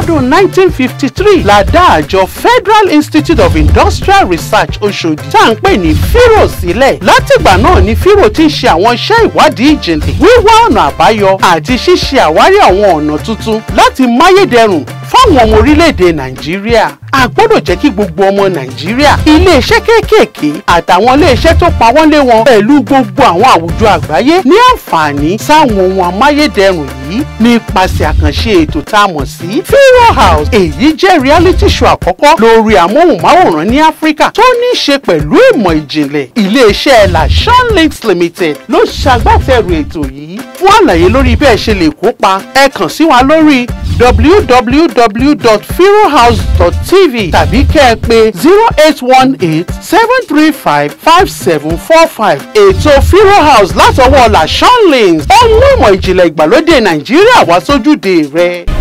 lọ́dún 1953 làdá àjọ Federal Institute of Industrial Research Oṣòdì tá à ń pè ní FIRO sílẹ̀ látìgbà náà ni FIRO ti ń ṣe àwọn iṣẹ́ ìwádìí ìjìnlẹ̀ wíwá ọ̀nà àbáyọ àti ṣíṣe àwárí àwọn ọ̀nà tuntun láti máyédẹrùn fáwọn ọmọ orílẹ̀-èdè nàìjíríà a gbọ́dọ̀ jẹ́ kí gbogbo ọmọ nàìjíríà iléeṣẹ́ kéékèèké àtàwọn iléeṣẹ́ tó pawọ́lé wọn pẹ̀lú gbogbo àwọn àwùjọ àgbáyé ní àǹfààní sáwọn ohun amáyédẹrùn yìí nípasẹ̀ àkànṣe ètò tá a mọ̀ sí Fero House èyí jẹ́ reality show àkọ́kọ́ lórí amóhùnmáwòrán ní áfíríkà tó ní í ṣe pẹ̀lú ìmọ̀ ìjìnlẹ̀ iléeṣẹ́ lashawn links limited ló ṣagbátẹrù ètò yìí fún àlàyé lórí bí ẹ ṣe lè kópa ẹ kàn sí wa lórí www.firohouse.tv tàbí kẹ́ ẹ pè zero eight one eight seven three five five seven four five ètò Firo House látọwọ́ la sean lins ó mú ìmọ̀ ìjìnlẹ̀ ìgbàlódé Nàìjíríà wá sójúde rẹ.